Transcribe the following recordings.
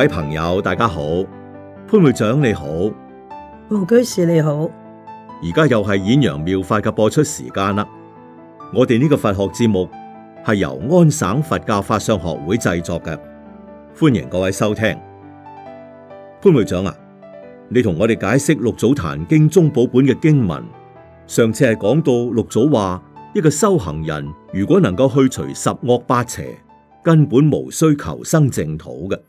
各位朋友，大家好，潘會長你好，黃居士你好，而家又係《演揚妙法》嘅播出時間啦。我哋呢個佛學節目係由安省佛教法相學會製作嘅，歡迎各位收聽。潘會長啊，你同我哋解釋《六祖壇經》中寶本嘅經文。上次係講到六祖話，一個修行人如果能夠去除十惡八邪，根本無需求生淨土嘅。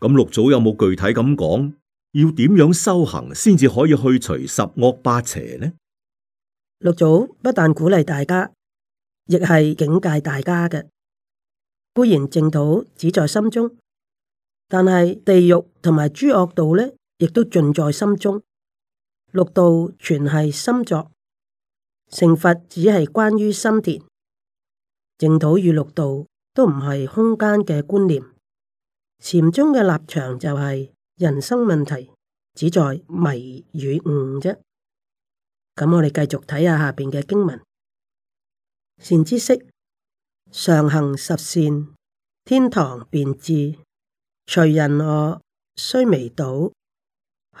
咁六祖有冇具體咁講，要點樣修行先至可以去除十惡八邪呢？六祖不但鼓勵大家，亦係警戒大家嘅。固然淨土只在心中，但係地獄同埋諸惡道咧，亦都盡在心中。六道全係心作，成佛只係關於心田。淨土與六道都唔係空間嘅觀念。禪宗嘅立場就係人生問題只在迷與悟啫。咁我哋繼續睇下下邊嘅經文：善知識，常行十善，天堂便至；除人我，須彌倒，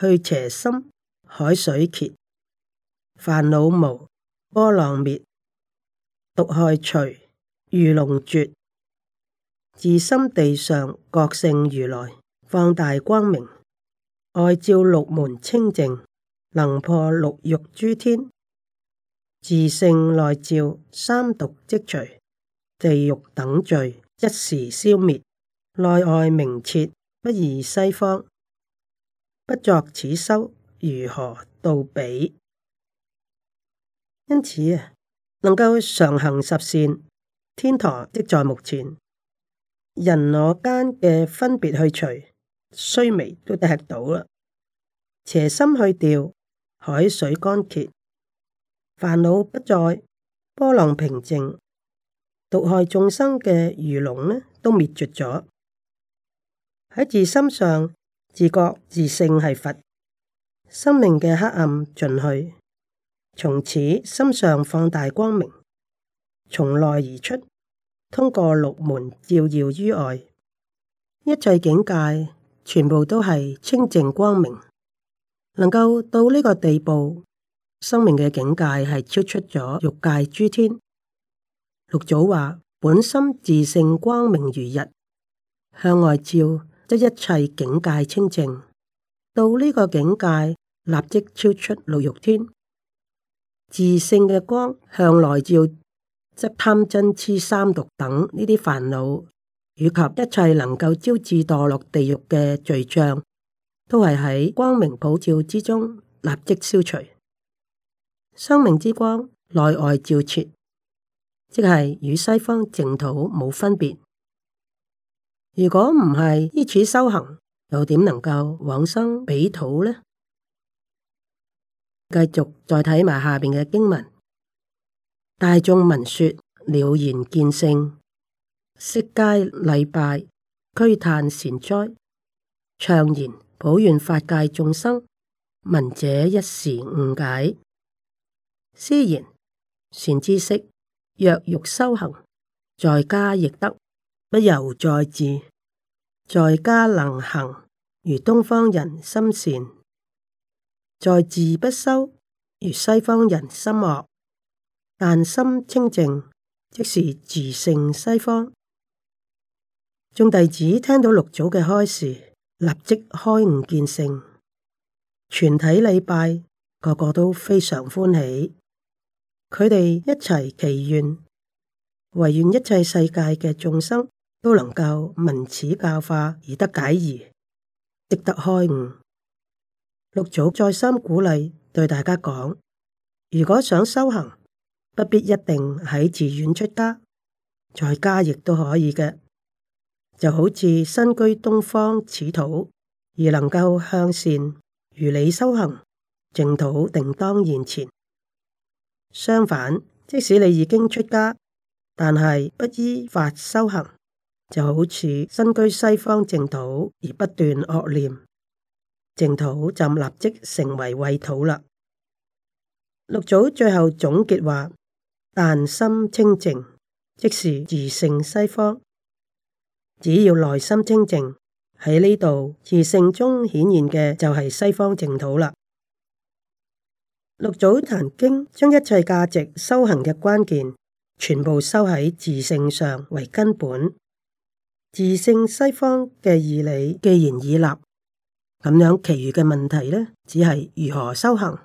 去邪心，海水竭，煩惱無，波浪滅，毒害除，魚龍絕。自心地上覺性如來放大光明，外照六門清淨，能破六欲諸天，自性內照三毒即除，地獄等罪一時消滅，內外明徹，不異西方。不作此修，如何到彼？因此啊，能夠常行十善，天堂即在目前。人我間嘅分別去除，須彌都吃到啦。邪心去掉，海水乾竭，煩惱不再，波浪平靜，毒害眾生嘅魚龍呢都滅絕咗。喺自心上自覺自性係佛，心靈嘅黑暗盡去，從此心上放大光明，從內而出。通過六門照耀於外，一切境界全部都係清淨光明，能夠到呢個地步，生命嘅境界係超出咗欲界諸天。六祖話：本心自性光明如日，向外照，則一切境界清淨。到呢個境界，立即超出六欲天。自性嘅光向內照。即貪嗔癡三毒等呢啲煩惱，以及一切能夠招致墮落地獄嘅罪障，都係喺光明普照之中立即消除。生命之光內外照徹，即係與西方淨土冇分別。如果唔係依此修行，又點能夠往生彼土呢？繼續再睇埋下邊嘅經文。大眾聞說了然見性，悉皆禮拜，驅嘆善哉」長，唱言普願法界眾生。聞者一時誤解。師言：善知識若欲修行，在家亦得，不由在寺。在家能行，如東方人心善；在寺不修，如西方人心惡。但心清淨，即是自性西方。眾弟子聽到六祖嘅開示，立即開悟見性，全體禮拜，個個都非常歡喜。佢哋一齊祈願，唯願一切世界嘅眾生都能夠聞此教化而得解疑，即得開悟。六祖再三鼓勵，對大家講：如果想修行，不必一定喺寺院出家，在家亦都可以嘅。就好似身居東方此土而能夠向善、如理修行，淨土定當現前。相反，即使你已經出家，但係不依法修行，就好似身居西方淨土而不斷惡念，淨土就立即成為穢土啦。六祖最後總結話。但心清淨，即是自性西方。只要內心清淨，喺呢度自性中顯現嘅就係西方淨土啦。六祖壇經將一切價值修行嘅關鍵，全部收喺自性上為根本。自性西方嘅義理既然已立，咁樣其餘嘅問題呢？只係如何修行？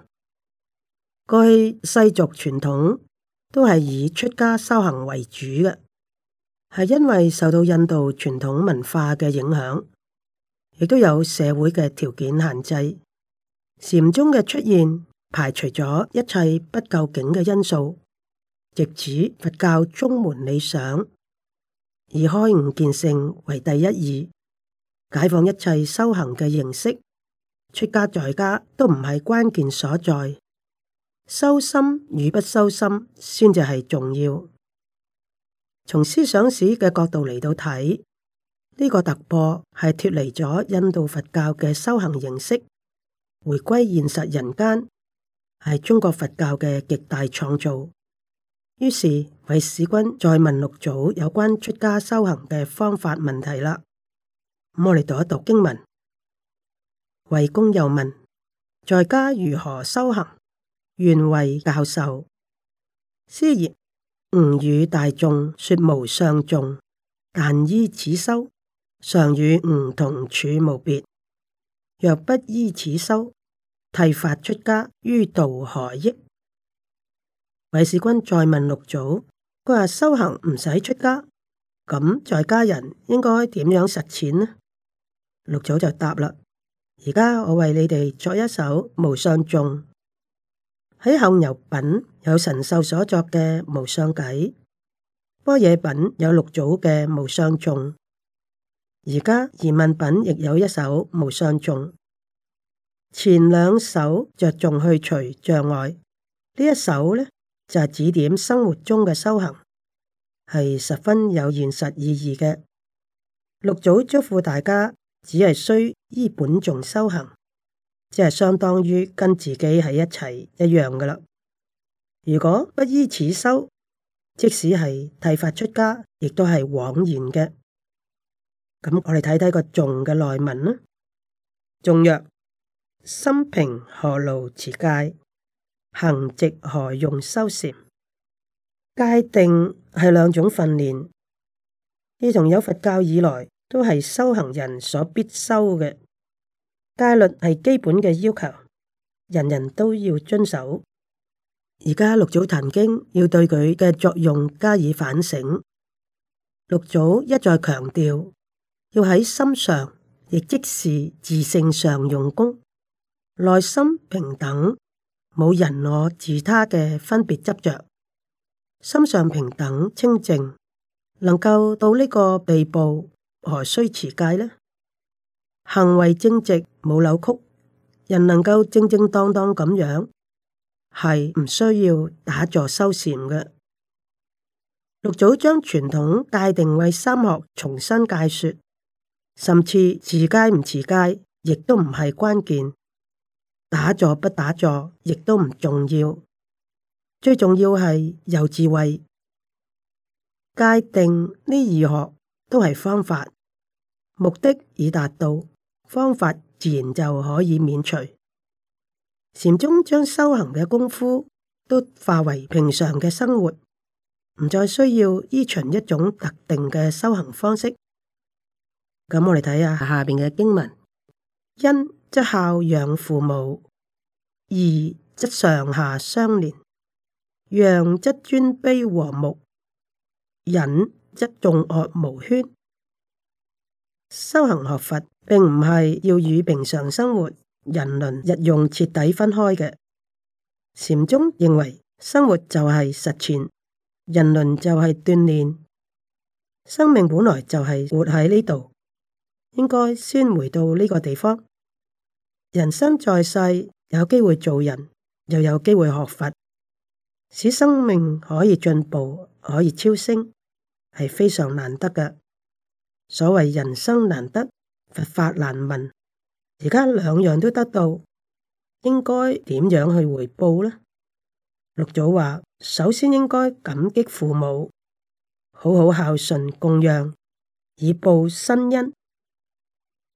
過去世俗傳統，都係以出家修行為主嘅，係因為受到印度傳統文化嘅影響，亦都有社會嘅條件限制。禪宗嘅出現排除咗一切不究竟嘅因素，直指佛教宗門理想，以開悟見性為第一義，解放一切修行嘅形式，出家在家都唔係關鍵所在。修心與不修心先至係重要。從思想史嘅角度嚟到睇，呢個突破係脫離咗印度佛教嘅修行形式，回歸現實人間，係中國佛教嘅極大創造。於是，韋使君再問六祖有關出家修行嘅方法問題啦。咁我哋讀一讀經文。韋公又問：在家如何修行？願為教授，師言吾與大眾說無相眾，但依此修，常與吾同處無別。若不依此修，剃發出家於道何益？韋士君再問六祖：，佢話修行唔使出家，咁在家人應該點樣實踐呢？六祖就答啦：，而家我為你哋作一首無相眾。喺行由品有神秀所作嘅無相偈，般若品有六祖嘅無相頌，而家疑問品亦有一首無相頌。前兩首着重去除障礙，呢一首呢就係、是、指點生活中嘅修行，係十分有現實意義嘅。六祖囑咐大家，只係需依本頌修行。即係相當於跟自己喺一齊一樣嘅啦。如果不依此修，即使係剃髮出家，亦都係枉然嘅。咁我哋睇睇個頌嘅內文啦。頌曰：心平何勞持戒，行直何用修禪？戒定係兩種訓練，自從有佛教以來，都係修行人所必修嘅。戒律係基本嘅要求，人人都要遵守。而家六祖壇經要對佢嘅作用加以反省。六祖一再強調，要喺心上，亦即是自性上用功，內心平等，冇人我自他嘅分別執着，心上平等清淨，能夠到呢個地步，何須持戒呢？行為正直冇扭曲，人能夠正正當當咁樣，係唔需要打坐修禪嘅。六祖將傳統界定為三學，重新界說，甚至持戒唔持戒，亦都唔係關鍵；打坐不打坐，亦都唔重要。最重要係有智慧。界定呢二學都係方法，目的已達到。方法自然就可以免除。禪宗將修行嘅功夫都化為平常嘅生活，唔再需要依循一種特定嘅修行方式。咁我哋睇下下邊嘅經文：因則孝養父母，義則上下相連，讓則尊卑和睦，忍則眾惡無喧。修行學佛。並唔係要與平常生活、人倫、日用徹底分開嘅。禪宗認為，生活就係實踐，人倫就係鍛煉。生命本來就係活喺呢度，應該先回到呢個地方。人生在世，有機會做人，又有機會學佛，使生命可以進步，可以超升，係非常難得嘅。所謂人生難得。佛法難聞，而家兩樣都得到，應該點樣去回報呢？六祖話：首先應該感激父母，好好孝順供養，以報身恩；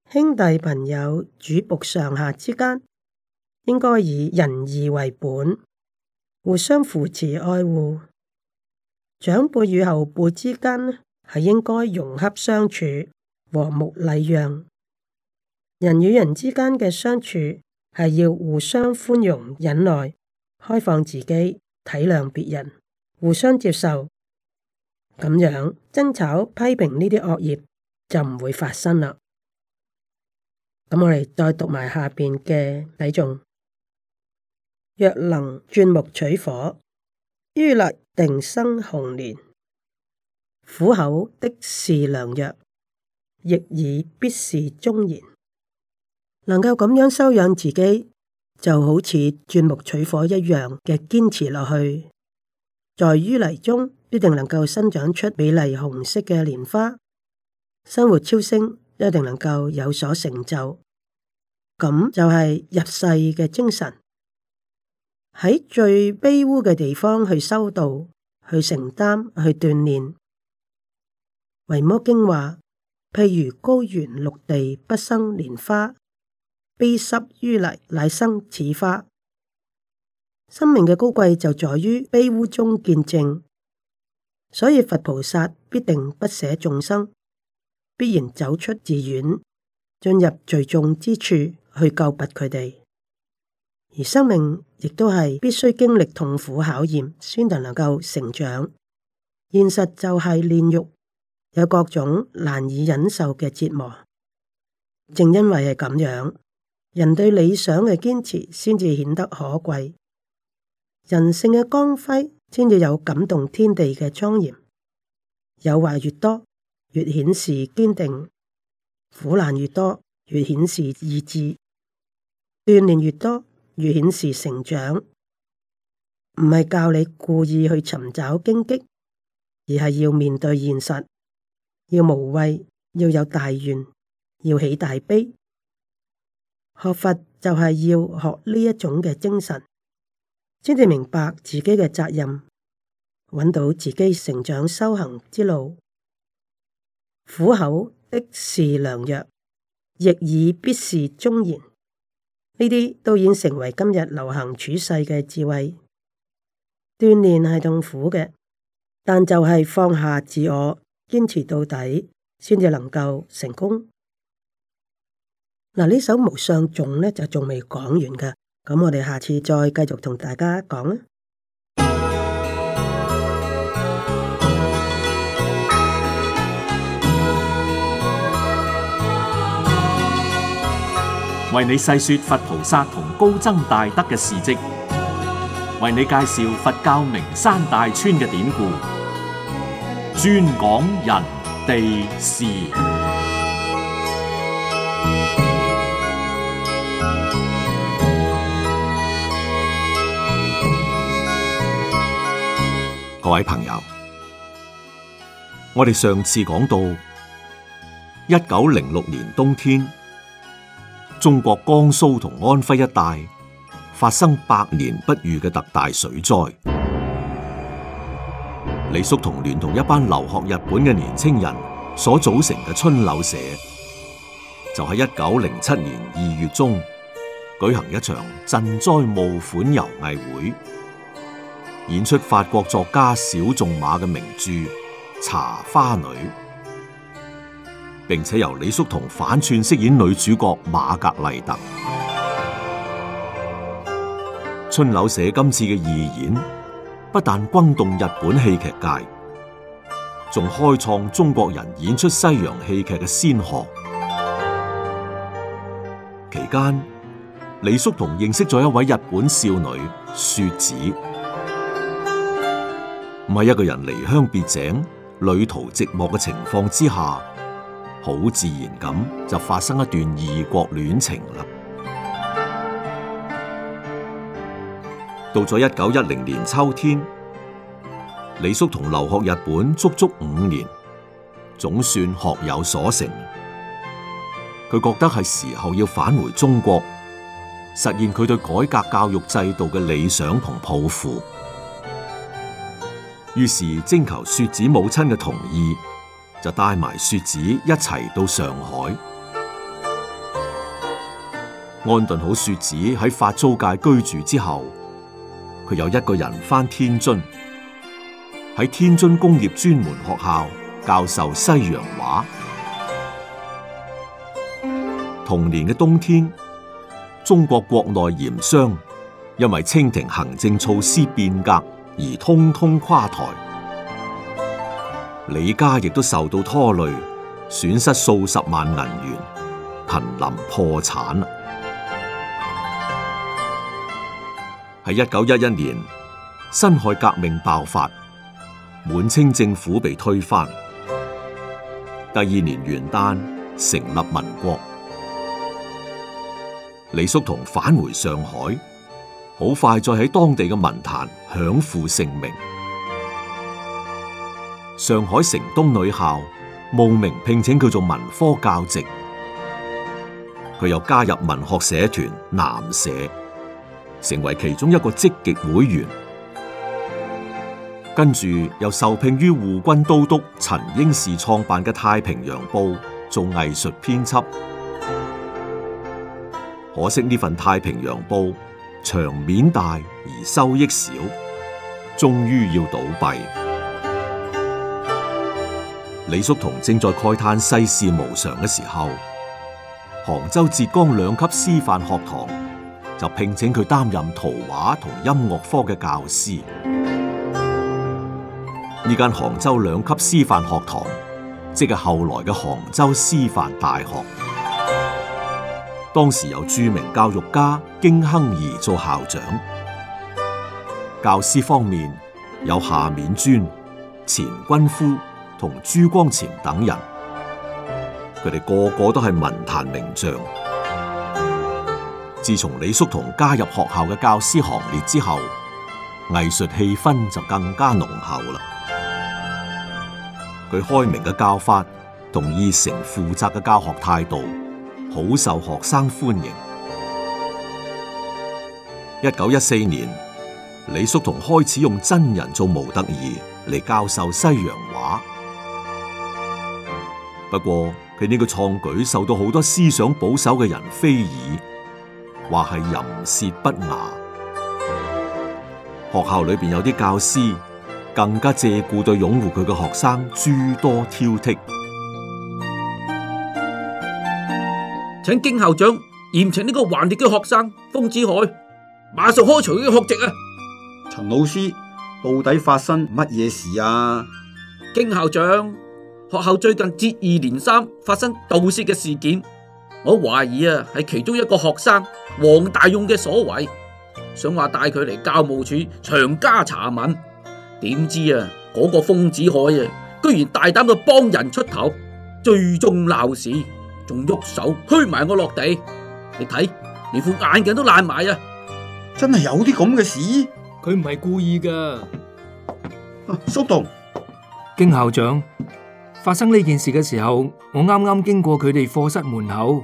兄弟朋友、主僕上下之間，應該以仁義為本，互相扶持愛護；長輩與後輩之間，係應該融洽相處。和睦禮讓，人與人之間嘅相處係要互相寬容忍耐，開放自己，體諒別人，互相接受，咁樣爭吵、批評呢啲惡業就唔會發生啦。咁我哋再讀埋下邊嘅李仲，若能鑽木取火，淤泥定生紅蓮，苦口的是良藥。亦已必是忠言。能夠咁樣修養自己,就好像鑽木取火一樣嘅堅持落去。在淤泥中,一定能夠生長出美麗紅色的蓮花。生活超升,一定能夠有所成就。噉就係入世嘅精神。喺最卑污的地方去修道,去承擔,去鍛煉。維摩經話,譬如高原陸地不生蓮花，卑濕淤泥乃生此花。生命嘅高貴就在於卑污中見證，所以佛菩薩必定不捨眾生，必然走出寺院，進入最重之處去救拔佢哋。而生命亦都係必須經歷痛苦考驗，先能夠成長。現實就係煉獄。有各種難以忍受嘅折磨，正因為係咁樣，人對理想嘅堅持先至顯得可貴，人性嘅光輝先至有感動天地嘅莊嚴。誘惑越多，越顯示堅定；苦難越多，越顯示意志；鍛煉越多，越顯示成長。唔係教你故意去尋找荊棘，而係要面對現實。要無畏，要有大願，要起大悲，學佛就係要學呢一種嘅精神，先至明白自己嘅責任，搵到自己成長修行之路。苦口的是良藥，逆耳必是忠言，呢啲都已成為今日流行處世嘅智慧。鍛煉係痛苦嘅，但就係放下自我。堅持到底，先至能夠成功。嗱，呢首無上頌咧就仲未講完㗎，咁我哋下次再繼續同大家講啦。為你細說佛菩薩同高僧大德嘅事跡，為你介紹佛教名山大川嘅典故。專講人地事，各位朋友，我哋上次講到，一九零六年冬天，中國江蘇同安徽一帶發生百年不遇嘅特大水災。李叔同連同一班留學日本嘅年青人所組成嘅春柳社，就喺一九零七年二月中舉行一場賑災募款遊藝會，演出法國作家小仲馬嘅名著《茶花女》，並且由李叔同反串飾演女主角瑪格麗特。春柳社今次嘅二演，不但轟動日本戲劇界，仲開創中國人演出西洋戲劇嘅先河。期間，李叔同認識咗一位日本少女雪子。唔係一個人離鄉別井、旅途寂寞嘅情況之下，好自然咁就發生一段異國戀情啦。到咗一九一零年秋天，李叔同留學日本足足五年，總算學有所成。佢覺得係時候要返回中國，實現佢對改革教育制度嘅理想同抱負。於是徵求雪子母親嘅同意，就帶埋雪子一齊到上海，安頓好雪子喺法租界居住之後。佢有一個人返天津，喺天津工業專門學校教授西洋畫。同年嘅冬天，中國國內鹽商因為清廷行政措施變革而通通垮台，李家亦都受到拖累，損失數十萬銀元，瀕臨破產。喺一九一一年，辛亥革命爆發，滿清政府被推翻。第二年元旦，成立民國，李叔同返回上海，好快再喺當地嘅文壇享負盛名。上海城東女校慕名聘請佢做文科教席，佢又加入文學社團南社。成為其中一個積極會員，跟住又受聘於滬軍都督陳英士創辦嘅《太平洋報》做藝術編輯。可惜呢份《太平洋報》場面大而收益少，終於要倒閉。李叔同正在慨嘆世事無常嘅時候，杭州浙江兩級師範學堂，就聘請佢擔任圖畫同音樂科嘅教師。呢間杭州兩級師範學堂，即係後來嘅杭州師範大學。當時有著名教育家經亨頤做校長，教師方面有夏丏尊、錢均夫同朱光潛等人，佢哋個個都係文壇名將。自從李叔同加入學校嘅教師行列之後，藝術氣氛就更加濃厚啦。佢開明嘅教法同熱誠負責嘅教學態度，好受學生歡迎。一九一四年，李叔同開始用真人做模特兒嚟教授西洋畫。不過佢呢個創舉受到好多思想保守嘅人非議。話係淫舌不雅。嗯，學校裏邊有啲教師更加借故對擁護佢嘅學生諸多挑剔，請經校長嚴懲呢個橫逆嘅學生，豐子海馬上開除佢嘅學籍啊！陳老師，到底發生乜嘢事啊？經校長，學校最近接二連三發生盜竊嘅事件，我懷疑啊係其中一個學生黃大勇嘅所為，想話帶佢嚟教務處詳加查問，點知啊，嗰、嗰個瘋子海啊，居然大膽到幫人出頭，最終鬧事，仲喐手推埋我落地，你睇連副眼鏡都爛埋啊！真係有啲咁嘅事，佢唔係故意噶。叔棟，經校長發生呢件事嘅時候，我啱啱經過佢哋課室門口。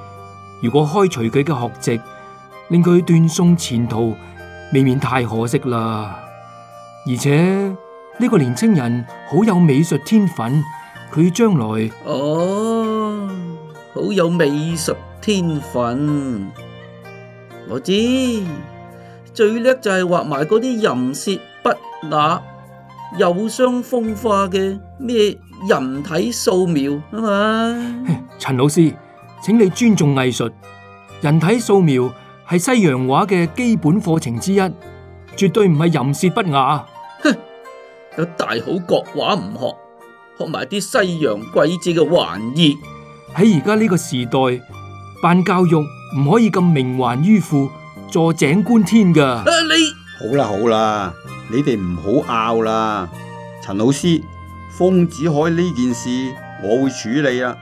如果開除佢嘅學籍，令佢斷送前途，未免太可惜啦。而且呢、呢個年青人好有美術天分，佢將來哦，好有美術天分。我知最叻就係畫埋嗰啲淫褻不雅、有傷風化嘅咩人體素描啊嘛，陳、嗯、 老師。請你尊重藝術，人體素描係西洋畫嘅基本課程之一，絕對唔係淫褻不雅。哼， 有大好國畫唔學，學埋啲西洋鬼子嘅玩意。喺而家呢個時代，辦教育唔可以咁冥頑迂腐，坐井觀天噶、啊。你好啦好啦，你哋唔好拗啦。陳老師，豐子愷呢件事我會處理啊。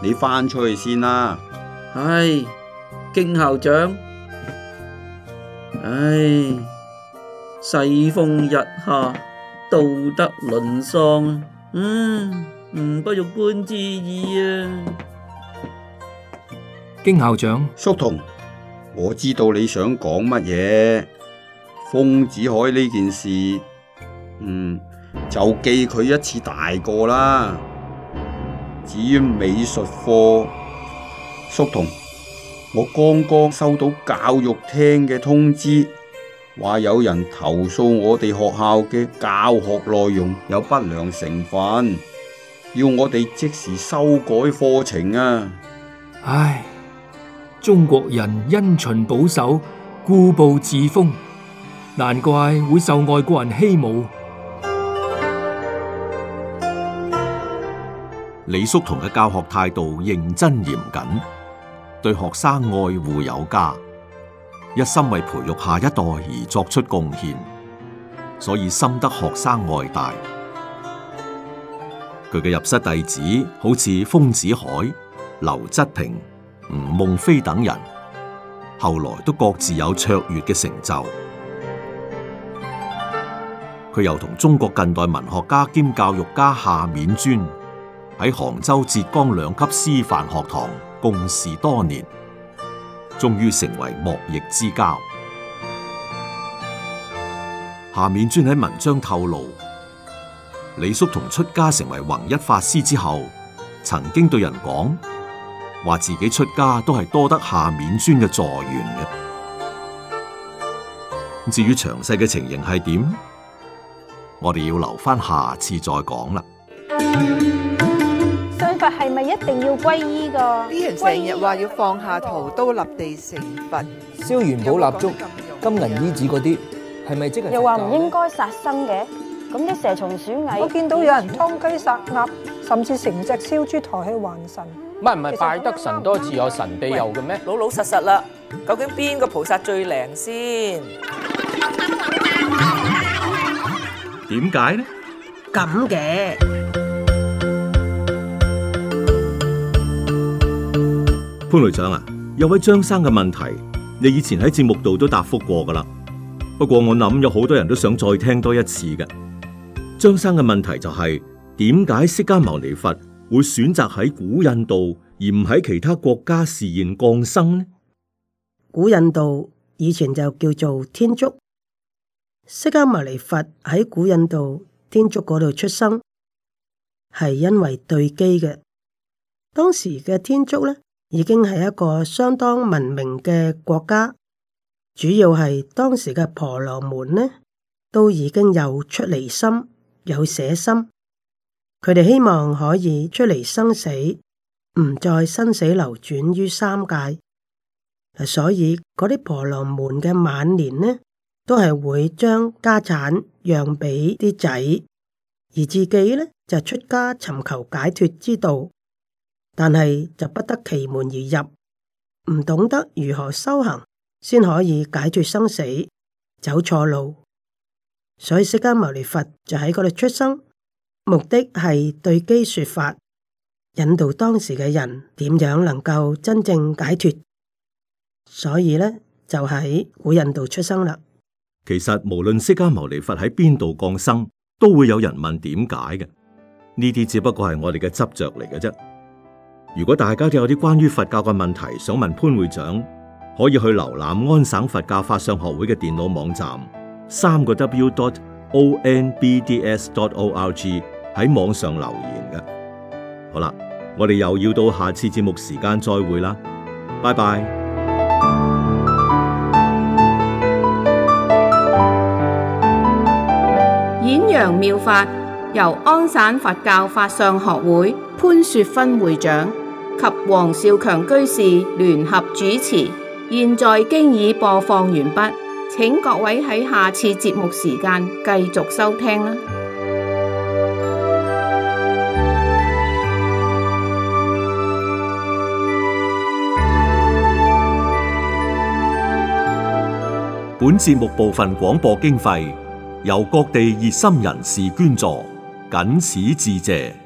你返出去先啦。唉、哎，京校長，唉、哎，世風日下，道德淪喪，嗯，唔不，不欲觀之意啊。京校長，叔同，我知道你想講乜嘢。豐子愷呢件事，嗯，就記佢一次大過啦。至於美術課，叔同，我剛剛收到教育廳嘅通知，話有人投訴我哋學校嘅教學內容有不良成分，要我哋即時修改課程啊。唉，中國人因循保守，固步自封，難怪會受外國人欺侮。李叔同嘅教學態度認真嚴謹，對學生愛護有加，一心為培育下一代而作出貢獻，所以深得學生愛戴。佢嘅入室弟子好似豐子愷、劉質平、吳夢非等人，後來都各自有卓越嘅成就。佢又同中國近代文學家兼教育家夏丏尊。喺杭州浙江兩級師範學堂共事多年，終於成為莫逆之交。下面專喺文章透露，李叔同出家成為弘一法師之後，曾經對人講，話自己出家都係多得下面尊嘅助緣嘅。至於詳細嘅情形係點，我哋要留翻下次再講啦。係咪一定要皈依噶？啲人成日話要放下屠刀，立地成佛。燒元寶蠟燭、金銀衣紙嗰啲，係咪即係？又話唔應該殺生嘅，咁啲蛇蟲鼠蟻，我見到有人劏雞殺鴨，甚至成隻燒豬抬去還神。唔係唔係，拜得神多自有神庇佑嘅咩？老老實實啦，究竟邊個菩薩最靈先？點解呢？咁嘅。潘律長啊，有位張生嘅問題，你以前喺節目度都答覆過噶啦。不過我諗有好多人都想再聽多一次嘅。張生嘅問題就係，點解釋迦牟尼佛會選擇喺古印度而唔喺其他國家示現降生呢？古印度以前就叫做天竺，釋迦牟尼佛喺古印度天竺嗰度出生，係因為對機嘅。當時嘅天竺咧。已經係一個相當文明嘅國家，主要係當時嘅婆羅門呢，都已經有出離心、有捨心，佢哋希望可以出離生死，唔再生死流轉於三界。所以嗰啲婆羅門嘅晚年呢，都係會將家產讓俾啲仔，而自己呢就出家尋求解脫之道。但係就不得其門而入，唔懂得如何修行，先可以解脫生死，走錯路。所以釋迦牟尼佛就喺嗰度出生，目的係對機說法，引導當時嘅人點樣能夠真正解脫。所以咧，就喺古印度出生啦。其實無論釋迦牟尼佛喺邊度降生，都會有人問點解嘅。呢啲只不過係我哋嘅執着嚟嘅啫。如果大家都有啲關於佛教嘅問題想問潘會長，可以去瀏覽安省佛教法相學會嘅電腦網站，三個 W dot O N B D S dot O R G 喺網上留言嘅。好啦，我哋又要到下次節目時間再會啦，拜拜。演揚妙法由安省佛教法相學會。潘雪芬會長及黃少強居士聯合主持，現在經已播放完畢，請各位喺下次節目時間繼續收聽啦。本節目部分廣播經費由各地熱心人士捐助，僅此致謝。